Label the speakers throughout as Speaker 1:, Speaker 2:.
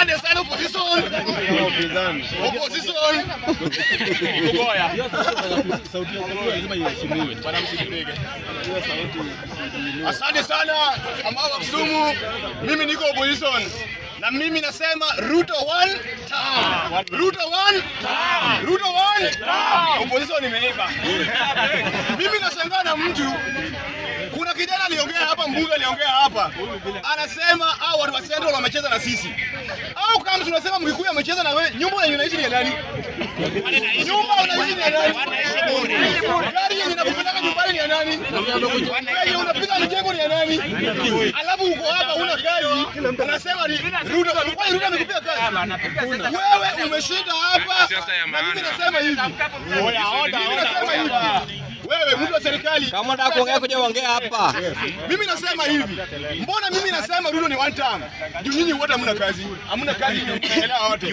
Speaker 1: Asante sana opposition.
Speaker 2: Opposition.
Speaker 1: Sauti ya lazima iheshimiwe. Bwana Asante sana ambao wasumu. Mimi niko opposition. Na mimi nasema Ruto 1 Ruto
Speaker 3: 1 Ruto
Speaker 1: 1
Speaker 3: Opposition imeiba.
Speaker 1: Mimi nashangaa na mtu mbunge aliongea hapa, anasema au watu wa Central wamecheza na sisi, au kama tunasema Mkikuyu amecheza na wewe. Nyumba yenye unaishi ni nani? Nyumba unaishi ni nani? Gari yenye unapeleka nyumbani ni nani? Wewe unapiga mjengo ni nani? Alafu uko hapa una gari, anasema ni Ruto. Kwa hiyo Ruto amekupiga kazi, wewe umeshinda hapa, na mimi nasema hivi, nasema hivi wewe mtu wa serikali, kama
Speaker 4: unataka kuongea kuja ongea hapa.
Speaker 1: Mimi nasema hivi, mbona mimi nasema Ruto ni one time Juu nyinyi wote hamna kazi, hamna kazi, mnaelewa wote.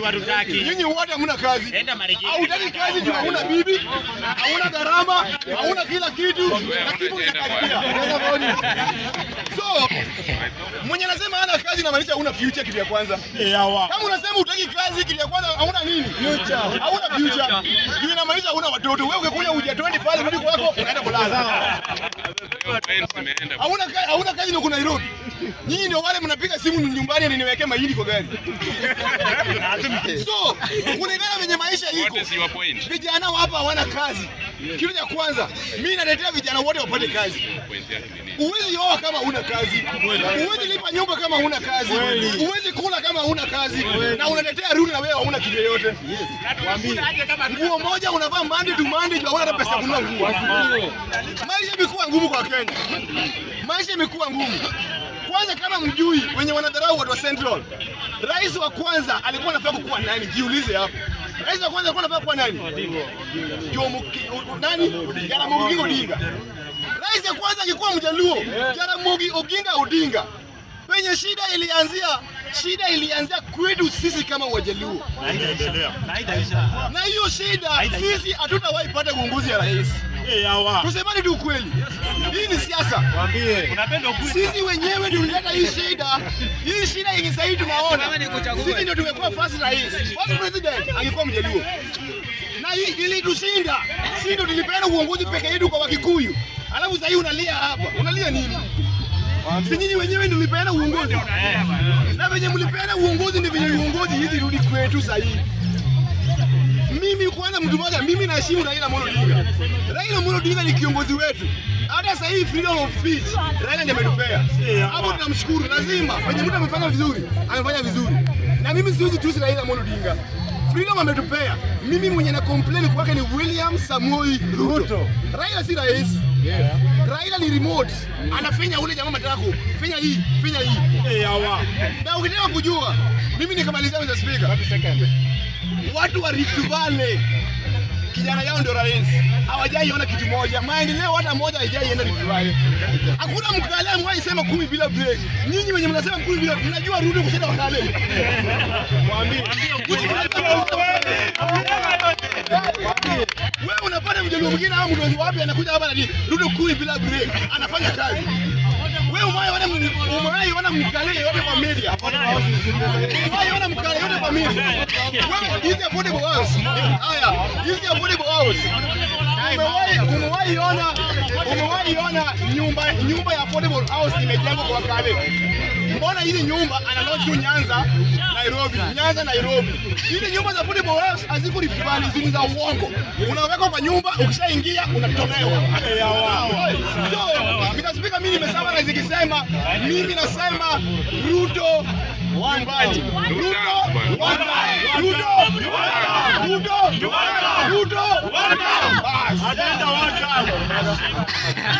Speaker 1: Nyinyi wote hamna kazi, enda hautaki kazi juu hauna bibi, hauna gharama, hauna kila kitu na kitu kinakaribia. So mwenye nasema ana kazi na maanisha una future, kitu ya kwanza. Kama unasema utaki kazi, kitu ya kwanza hauna nini? Future, hauna future, juu maanisha una watoto. Wewe ungekuja ujatoni pale mimi kwako. Ano, wala na. Hauna kazi na kuna Nairobi. Nyinyi ndio wale mnapiga simu nyumbani na niwekee mahindi kwa gari. So, kulingana venye maisha iko. Vijana hapa hawana kazi. Kitu cha kwanza, mimi naletea vijana wote wapate kazi. Uwezi oa kama una kazi. Uwezi lipa nyumba kama una kazi. Uwezi kula kama una kazi. Na unaletea rudi na wewe hauna kitu yoyote. Nguo moja unavaa mandi tu mandi, hauna pesa kununua nguo. Maisha imekuwa ngumu kwa Kenya maisha imekuwa ngumu. Kwanza kama mjui wenye wanadharau watu wa Central, rais wa kwanza alikuwa anafaa kukuwa nani? Jiulize hapo. Rais wa kwanza alikuwa anafaa kuwa nani? Jomo nani? Jaramogi Odinga. Rais ya kwanza alikuwa Mjaluo, Jaramogi Oginga Odinga. Penye shida ilianzia, shida ilianzia kwetu sisi kama Wajaluo, na hiyo shida sisi hatutawahi pata uongozi ya rais Tusemane tu ukweli, hii ni siasa. Sisi wenyewe tulileta hii shida, hii shida yenye sasa hivi tunaona sisi ndio tumekuwa first rais, first president alikuwa mjaluo na ili tushinda, sisi ndio tulipeana uongozi peke yetu kwa Wakikuyu, alafu sasa hivi unalia hapa, unalia nini? Si nyinyi wenyewe ndio mlipeana uongozi, na venye mlipeana uongozi ndio venye uongozi hizi rudi kwetu sasa hivi. Mimi kwanza, mtu mmoja, mimi naheshimu Raila Amolo Odinga. Raila Amolo Odinga ni kiongozi wetu. Hata sasa hivi freedom of speech Raila ndiye ametupea hapo, tunamshukuru. Lazima kwenye mtu amefanya vizuri, amefanya vizuri, na mimi siwezi tusi Raila Amolo Odinga. Freedom ametupea. Mimi mwenye na complain kwake ni William Samoei Ruto. Raila si rais. Yeah. Raila ni remote. Anafanya ule jamaa matako. Fanya hii, fanya hii. Eh, hey, hawa. Na ukitaka kujua, mimi nikamalizia mzee speaker. 30 seconds watu wa Rift Valley kijana yao ndio rais, hawajaiona kitu moja maendeleo, hata moja haijaienda Rift Valley. Hakuna mtaalamu aisema kumi bila break. Nyinyi wenye mnasema kumi bila, mnajua rudi kushinda wataalamu. Mwambie wewe, unapata mjaluo mwingine au mdozi wapi anakuja hapa na Ruto kumi bila break, anafanya kazi umewahi ona mkali yote kwa media? Umewahi ona mkali yote kwa media? Wewe hizi affordable house. Haya, hizi affordable house. Umewahi umewahi ona umewahi ona nyumba nyumba ya affordable house imejengwa kwa kale. Mbona hili nyumba analo juu Nyanza Nairobi, Nyanza Nairobi. Hili nyumba za affordable house haziko ni za uongo. Unawekwa kwa nyumba, ukishaingia unatolewa. So, because speaker mimi nimesema na zikisema mimi nasema Ruto nyumbani. Ruto Ruto Ruto Ruto Ruto Ruto